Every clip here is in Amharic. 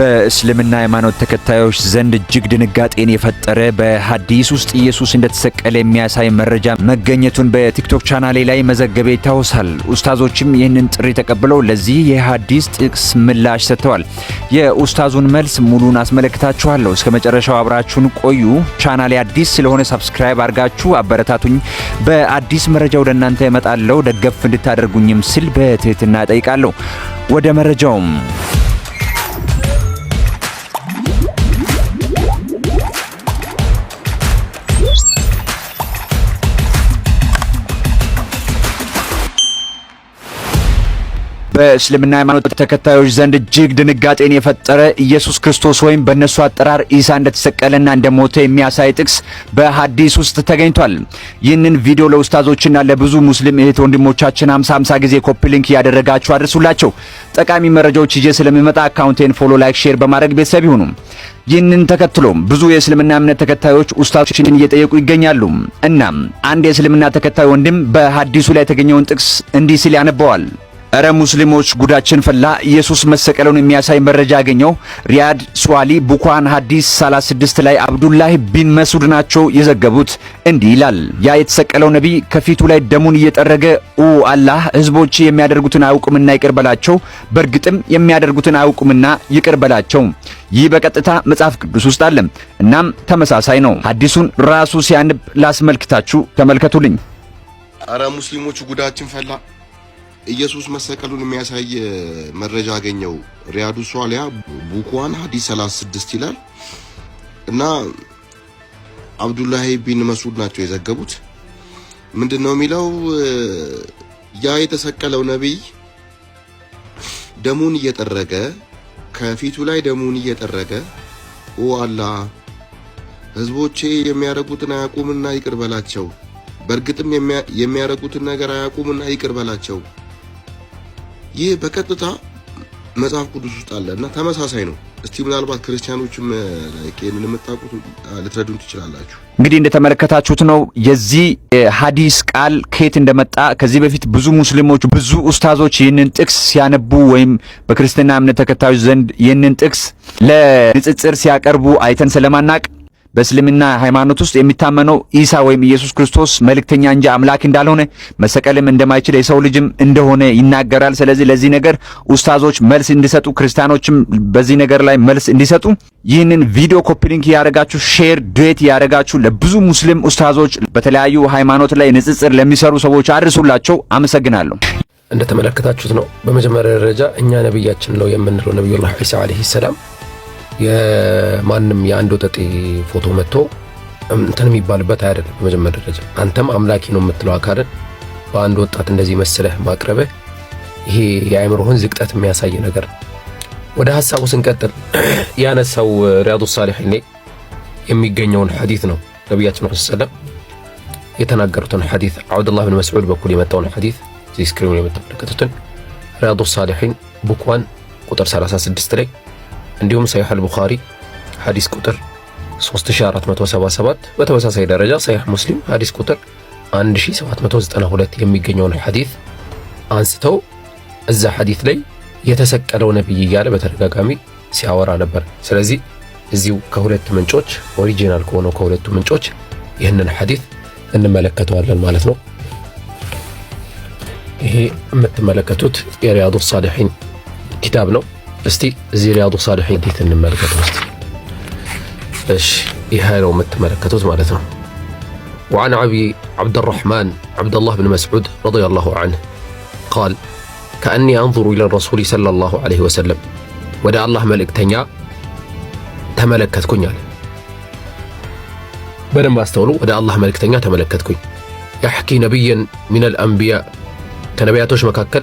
በእስልምና ሃይማኖት ተከታዮች ዘንድ እጅግ ድንጋጤን የፈጠረ በሀዲስ ውስጥ ኢየሱስ እንደተሰቀለ የሚያሳይ መረጃ መገኘቱን በቲክቶክ ቻናሌ ላይ መዘገቤ ይታወሳል። ኡስታዞችም ይህንን ጥሪ ተቀብለው ለዚህ የሀዲስ ጥቅስ ምላሽ ሰጥተዋል። የኡስታዙን መልስ ሙሉን አስመለክታችኋለሁ። እስከ መጨረሻው አብራችሁን ቆዩ። ቻናሌ አዲስ ስለሆነ ሳብስክራይብ አድርጋችሁ አበረታቱኝ። በአዲስ መረጃ ወደ እናንተ እመጣለሁ። ደገፍ እንድታደርጉኝም ስል በትህትና ጠይቃለሁ። ወደ መረጃውም በእስልምና ሃይማኖት ተከታዮች ዘንድ እጅግ ድንጋጤን የፈጠረ ኢየሱስ ክርስቶስ ወይም በእነሱ አጠራር ኢሳ እንደተሰቀለና እንደሞተ የሚያሳይ ጥቅስ በሀዲስ ውስጥ ተገኝቷል። ይህንን ቪዲዮ ለውስታዞችና ለብዙ ሙስሊም እህት ወንድሞቻችን አምሳ አምሳ ጊዜ ኮፒ ሊንክ እያደረጋችሁ አድርሱላቸው። ጠቃሚ መረጃዎች ይዤ ስለሚመጣ አካውንቴን ፎሎ፣ ላይክ፣ ሼር በማድረግ ቤተሰብ ይሁኑ። ይህንን ተከትሎም ብዙ የእስልምና እምነት ተከታዮች ኡስታዞችን እየጠየቁ ይገኛሉ። እናም አንድ የእስልምና ተከታይ ወንድም በሀዲሱ ላይ የተገኘውን ጥቅስ እንዲህ ሲል ያነበዋል። እረ ሙስሊሞች ጉዳችን ፈላ። ኢየሱስ መሰቀለውን የሚያሳይ መረጃ ያገኘው ሪያድ ሱዋሊ ቡኳን ሀዲስ 36 ላይ አብዱላህ ቢን መስዑድ ናቸው የዘገቡት። እንዲህ ይላል፣ ያ የተሰቀለው ነቢይ ከፊቱ ላይ ደሙን እየጠረገ ኡ አላህ ህዝቦች የሚያደርጉትን አያውቁምና ይቅር በላቸው፣ በእርግጥም የሚያደርጉትን አያውቁምና ይቅር በላቸው። ይህ በቀጥታ መጽሐፍ ቅዱስ ውስጥ አለ። እናም ተመሳሳይ ነው። ሀዲሱን ራሱ ሲያንብ ላስመልክታችሁ፣ ተመልከቱልኝ። እረ ሙስሊሞች ጉዳችን ፈላ ኢየሱስ መሰቀሉን የሚያሳይ መረጃ አገኘው። ሪያዱ ሷሊያ ቡኳን ሀዲስ 36 ይላል እና አብዱላሂ ቢን መስዑድ ናቸው የዘገቡት። ምንድን ነው የሚለው? ያ የተሰቀለው ነቢይ ደሙን እየጠረገ ከፊቱ ላይ ደሙን እየጠረገ ኦ አላህ ሕዝቦቼ የሚያረጉትን አያቁምና ይቅር በላቸው፣ በእርግጥም የሚያረጉትን ነገር አያቁምና ይቅር በላቸው ይህ በቀጥታ መጽሐፍ ቅዱስ ውስጥ አለ እና ተመሳሳይ ነው። እስቲ ምናልባት ክርስቲያኖችም ይህንን የምታውቁት ልትረዱን ትችላላችሁ። እንግዲህ እንደተመለከታችሁት ነው የዚህ ሀዲስ ቃል ከየት እንደመጣ። ከዚህ በፊት ብዙ ሙስሊሞች፣ ብዙ ኡስታዞች ይህንን ጥቅስ ሲያነቡ ወይም በክርስትና እምነት ተከታዮች ዘንድ ይህንን ጥቅስ ለንጽጽር ሲያቀርቡ አይተን ስለማናቅ በእስልምና ሃይማኖት ውስጥ የሚታመነው ኢሳ ወይም ኢየሱስ ክርስቶስ መልእክተኛ እንጂ አምላክ እንዳልሆነ መሰቀልም እንደማይችል የሰው ልጅም እንደሆነ ይናገራል። ስለዚህ ለዚህ ነገር ኡስታዞች መልስ እንዲሰጡ፣ ክርስቲያኖችም በዚህ ነገር ላይ መልስ እንዲሰጡ ይህንን ቪዲዮ ሊንክ ያደረጋችሁ ሼር ዱዌት ያደረጋችሁ ለብዙ ሙስሊም ኡስታዞች፣ በተለያዩ ሃይማኖት ላይ ንጽጽር ለሚሰሩ ሰዎች አድርሱላቸው። አመሰግናለሁ። እንደተመለከታችሁት ነው። በመጀመሪያ ደረጃ እኛ ነቢያችን ነው የምንለው ነቢዩላህ ዒሳ ዓለይሂ ሰላም የማንም የአንድ ወጠጤ ፎቶ መጥቶ እንትን የሚባልበት አይደለም። በመጀመሪያ ደረጃ አንተም አምላኪ ነው የምትለው አካልን በአንድ ወጣት እንደዚህ መስለህ ማቅረበ ይሄ የአእምሮህን ዝቅጠት የሚያሳይ ነገር ነው። ወደ ሀሳቡ ስንቀጥል ያነሳው ሪያዱ ሳሊሒን የሚገኘውን ሐዲት ነው። ነቢያችን ስ ሰለም የተናገሩትን ሐዲት አብዱላህ ብን መስዑድ በኩል የመጣውን ሐዲት እዚህ ስክሪኑ የምትመለከቱትን ሪያዱ ሳሊሒን ቡክ ዋን ቁጥር 36 ላይ እንዲሁም ሰሒህ አልቡኻሪ ሐዲስ ቁጥር 3477 በተመሳሳይ ደረጃ ሰሒህ ሙስሊም ሐዲስ ቁጥር 1792 የሚገኘውን ሐዲስ አንስተው እዛ ሐዲስ ላይ የተሰቀለው ነቢይ እያለ በተደጋጋሚ ሲያወራ ነበር። ስለዚህ እዚሁ ከሁለት ምንጮች ኦሪጂናል ከሆነው ከሁለቱ ምንጮች ይህንን ሐዲስ እንመለከተዋለን ማለት ነው። ይሄ የምትመለከቱት የሪያዱ ሳሊሒን ኪታብ ነው። استي زي رياض وصالحين ديت ان ملكة توست ايش يهالو ومت ملكة توست مالتنا وعن ابي عبد الرحمن عبد الله بن مسعود رضي الله عنه قال كاني انظر الى الرسول صلى الله عليه وسلم ودا الله ملك تنيا تملكت كنيا بدن باستولو ودا الله ملك تنيا تملكت كنيا يحكي نبيا من الانبياء كنبيات وش مكاكل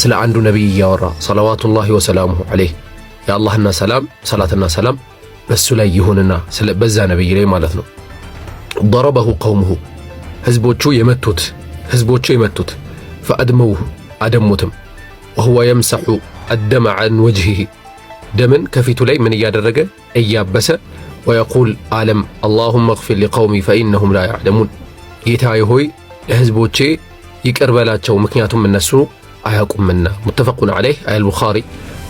ስለ አንዱ ነቢይ እያወራ ሰለዋቱላሂ ወሰላሙሁ ዐለይህ የአላህና ሰላም ሰላትና ሰላም በሱ ላይ ይሁንና በዛ ነቢይ ላይ ማለት ነው። ضربه قومه ህዝቦቹ የመቱት ህዝቦቹ የመቱት ፈአድመውሁ አደሙትም ወሁወ የምሰሑ አደመ ዐን ወጅሂሂ ደምን ከፊቱ ላይ ምን እያደረገ እያበሰ ወየቁል አለም አላሁመ እግፊር ሊቀውሚ ፈኢነሁም ላ ያዕለሙን ጌታዬ ሆይ ለህዝቦቼ ይቅር በላቸው ምክንያቱም እነሱ አያውቁምና ሙተፈቁን ዐለይህ አል ቡኻሪ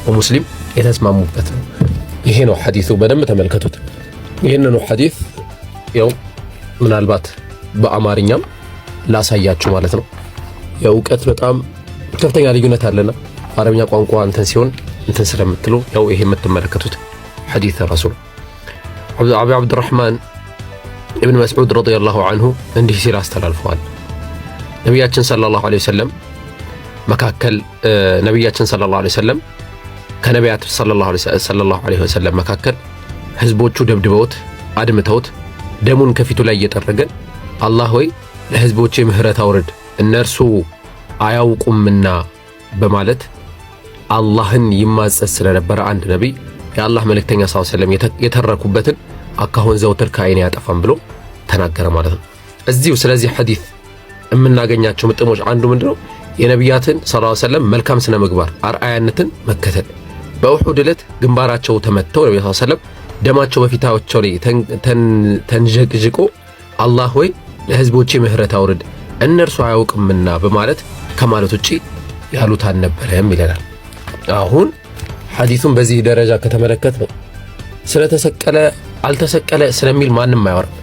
ወሙስሊም የተስማሙበት ነው። ይሄ ነው ሐዲሱ። በደንብ ተመልከቱት። ይህንኑ ሐዲስ ያው ምናልባት በአማርኛም ላሳያችሁ ማለት ነው። የእውቀት በጣም ከፍተኛ ልዩነት አለና አረብኛ ቋንቋ እንትን ሲሆን እንትን ስለምትሉ ያው ይሄ የምትመለከቱት ሐዲስ ራሱ ነው። አቡ ዓብድራሕማን እብን መስዑድ ረዲየላሁ አንሁ እንዲህ ሲል አስተላልፈዋል። ነቢያችን ሰለላሁ ዐለይሂ ወሰለም መካከል ነቢያችን ሰለላሁ ዐለይሂ ወሰለም ከነቢያት ሰለላሁ ዐለይሂ ወሰለም መካከል ህዝቦቹ ደብድበውት አድምተውት ደሙን ከፊቱ ላይ እየጠረገ አላህ ሆይ ለህዝቦች ምህረት አውርድ እነርሱ አያውቁምና በማለት አላህን ይማጸን ስለነበረ አንድ ነቢይ የአላህ መልእክተኛ ሰለላሁ ዐለይሂ ወሰለም የተረኩበትን አካሁን ዘውትር ከአይኔ ያጠፋም ብሎ ተናገረ ማለት ነው። እዚሁ ስለዚህ ሐዲስ የምናገኛቸው ምጥሞች አንዱ ምንድነው? የነቢያትን ሰለላሁ ዐለይሂ ወሰለም መልካም ስነ ምግባር አርአያነትን መከተል። በውሑድ ዕለት ግንባራቸው ተመተው ነቢ ወሰለም ደማቸው በፊታቸው ላይ ተንዠቅዥቆ አላህ ወይ ለህዝቦቼ ምህረት አውርድ እነርሱ አያውቅምና በማለት ከማለት ውጪ ያሉት አልነበረም ይለናል። አሁን ሐዲሱን በዚህ ደረጃ ከተመለከት ነው ስለተሰቀለ አልተሰቀለ ስለሚል ማንም አያወራም።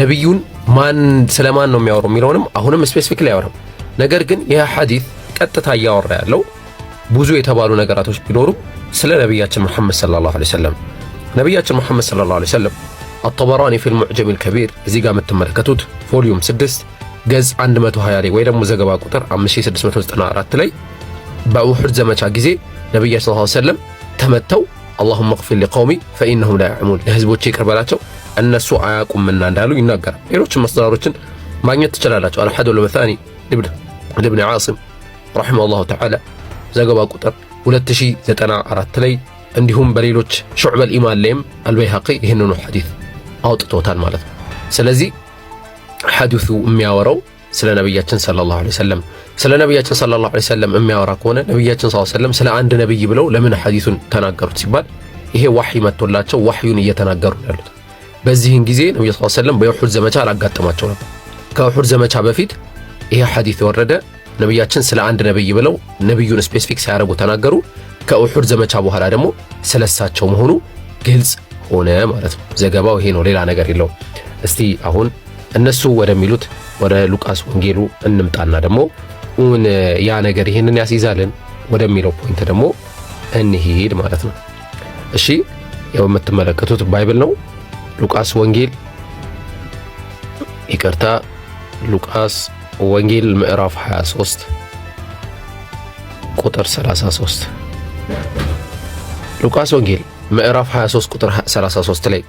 ነቢዩን ማን ስለማን ነው የሚያወሩ የሚለውንም አሁንም ስፔሲፊክ ላይ አያወራም። ነገር ግን ይህ ሐዲስ ቀጥታ እያወራ ያለው ብዙ የተባሉ ነገራቶች ቢኖሩም ስለ ነቢያችን ሙሐመድ ሰለላሁ ዐለይሂ ወሰለም ነቢያችን ሙሐመድ ሰለላሁ ዐለይሂ ወሰለም አጠበራኒ ፊል ሙዕጀም አልከቢር እዚህ ጋር የምትመለከቱት ቮሊዩም 6 ገጽ 120 ላይ ወይ ደግሞ ዘገባ ቁጥር 5694 ላይ በኡሑድ ዘመቻ ጊዜ ነቢያችን ሰለላሁ ዐለይሂ ወሰለም ተመተው አላሁመ እግፊር ሊቀውሚ ፈኢነሁም ላ ያዕሙን ለህዝቦቼ ይቅር በላቸው እነሱ አያውቁምና እንዳሉ ይናገራል። ሌሎችም መስራሮችን ማግኘት ትችላላቸው። አልሐዱ ለመታኒ ልብድ ኢብን ዓስም الله ተዓላ ዘገባ ቁጥር 2094 ላይ እንዲሁም በሌሎች ሹዕበል ኢማን ላይም አልበይሃቂ ይህንኑ ሐዲስ አውጥቶታል ማለት ነው። ስለዚህ ሐዲሱ የሚያወራው ስለ ነቢያችን ሰለላሁ ዐለይሂ ወሰለም ስለ ነቢያችን ሰለላሁ ዐለይሂ ወሰለም የሚያወራ ከሆነ ነቢያችን ሰለላሁ ዐለይሂ ወሰለም ስለ አንድ ነቢይ ብለው ለምን ሐዲሱን ተናገሩት ሲባል ይሄ ዋሕይ መጥቶላቸው ዋሕዩን እየተናገሩ ያሉት። በዚህን ጊዜ ነቢዩ ሰለላሁ ዐለይሂ ወሰለም በውሑድ ዘመቻ አላጋጠማቸው ነበር። ከውሑድ ዘመቻ በፊት ይህ ሐዲት የወረደ ነቢያችን ስለ አንድ ነቢይ ብለው ነቢዩን ስፔሲፊክ ሲያደርጉ ተናገሩ። ከኡሑድ ዘመቻ በኋላ ደግሞ ስለሳቸው መሆኑ ግልጽ ሆነ ማለት ነው። ዘገባው ይሄ ነው፣ ሌላ ነገር የለው። እስቲ አሁን እነሱ ወደሚሉት ወደ ሉቃስ ወንጌሉ እንምጣና ደግሞ እውን ያ ነገር ይህንን ያስይዛልን ወደሚለው ፖይንት ደግሞ እንሄድ ማለት ነው። እሺ ያው የምትመለከቱት ባይብል ነው። ሉቃስ ወንጌል ይቅርታ ሉቃስ ወንጌል ምዕራፍ 23 ቁጥር 33 ሉቃስ ወንጌል ምዕራፍ 23 ቁጥር 33 ላይ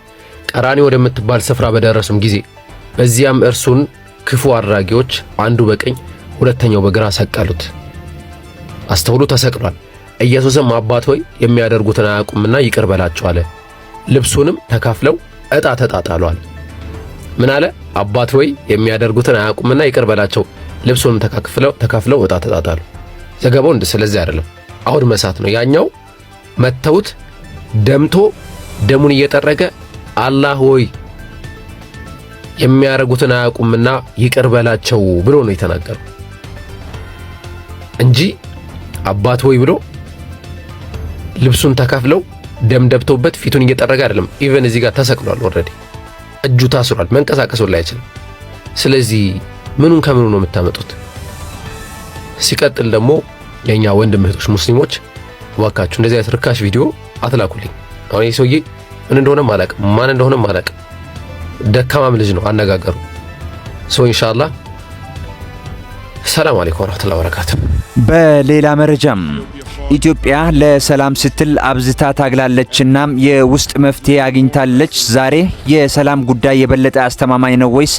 ቀራኒ ወደምትባል ስፍራ በደረሱም ጊዜ በዚያም እርሱን ክፉ አድራጊዎች አንዱ በቀኝ ሁለተኛው በግራ ሰቀሉት። አስተውሉ፣ ተሰቅሏል። ኢየሱስም አባት ሆይ የሚያደርጉትን አያውቁምና ይቅር በላቸው አለ። ልብሱንም ተካፍለው ዕጣ ተጣጣሏል። ምን አለ አባት ወይ የሚያደርጉትን አያውቁምና ይቅር በላቸው። ልብሱንም ተካክፍለው ተካፍለው ወጣ ተጣጣሉ። ዘገባው እንደ ስለዚህ አይደለም። አውድ መሳት ነው ያኛው። መተውት ደምቶ ደሙን እየጠረገ አላህ ሆይ የሚያደርጉትን አያውቁምና ይቅር በላቸው ብሎ ነው የተናገረው እንጂ አባት ሆይ ብሎ ልብሱን ተካፍለው ደም ደብቶበት ፊቱን እየጠረገ አይደለም። ኢቨን እዚህ ጋር ተሰቅሏል ኦልሬዲ እጁ ታስሯል፣ መንቀሳቀሱ ላይ አይችልም። ስለዚህ ምኑን ከምኑ ነው የምታመጡት? ሲቀጥል ደግሞ የኛ ወንድም እህቶች ሙስሊሞች እባካችሁ እንደዚህ አይነት ርካሽ ቪዲዮ አትላኩልኝ። አሁን ይህ ሰውዬ ምን እንደሆነም አላቅም፣ ማን እንደሆነም አላቅም። ደካማም ልጅ ነው አነጋገሩ። ሶ ኢንሻአላህ ሰላም አለይኩም ወራህመቱላሂ ወበረካቱ። በሌላ መረጃም ኢትዮጵያ ለሰላም ስትል አብዝታ ታግላለችና የውስጥ መፍትሄ አግኝታለች። ዛሬ የሰላም ጉዳይ የበለጠ አስተማማኝ ነው ወይስ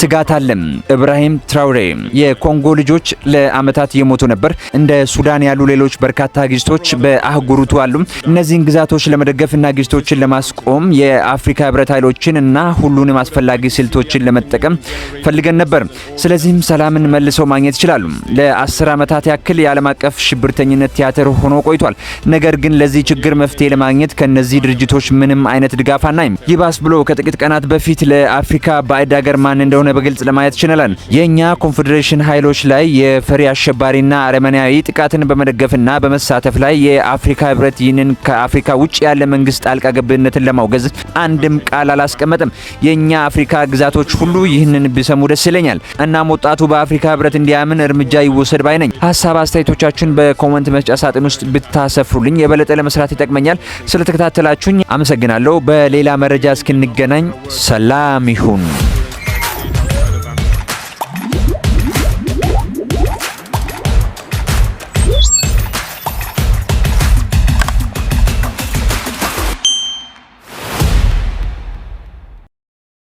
ስጋት አለም? ኢብራሂም ትራውሬ። የኮንጎ ልጆች ለአመታት እየሞቱ ነበር። እንደ ሱዳን ያሉ ሌሎች በርካታ ግጭቶች በአህጉሩቱ አሉ። እነዚህን ግዛቶች ለመደገፍና ግጭቶችን ለማስቆም የአፍሪካ ህብረት ኃይሎችን እና ሁሉንም አስፈላጊ ስልቶችን ለመጠቀም ፈልገን ነበር። ስለዚህም ሰላምን መልሰው ማግኘት ይችላሉ። ለአስር ዓመታት ያክል የዓለም አቀፍ ሽብርተኝነት ቲያትር ሆኖ ቆይቷል። ነገር ግን ለዚህ ችግር መፍትሄ ለማግኘት ከነዚህ ድርጅቶች ምንም አይነት ድጋፍ አናይም። ይባስ ብሎ ከጥቂት ቀናት በፊት ለአፍሪካ ባዕድ ሀገር ማን እንደሆነ በግልጽ ለማየት ችለናል። የእኛ ኮንፌዴሬሽን ኃይሎች ላይ የፈሪ አሸባሪና አረመኔያዊ ጥቃትን በመደገፍና በመሳተፍ ላይ የአፍሪካ ህብረት ይህንን ከአፍሪካ ውጭ ያለ መንግስት ጣልቃ ገብነትን ለማውገዝ አንድም ቃል አላስቀመጠም። የእኛ አፍሪካ ግዛቶች ሁሉ ይህንን ቢሰሙ ደስ ይለኛል። እናም ወጣቱ በአፍሪካ ህብረት እንዲያምን እርምጃ ይወሰድ ባይ ነኝ። ሀሳብ አስተያየቶቻችን በኮመንት መስጫ ሳጥን ሳጥን ውስጥ ብታሰፍሩልኝ የበለጠ ለመስራት ይጠቅመኛል። ስለተከታተላችሁኝ አመሰግናለሁ። በሌላ መረጃ እስክንገናኝ ሰላም ይሁን።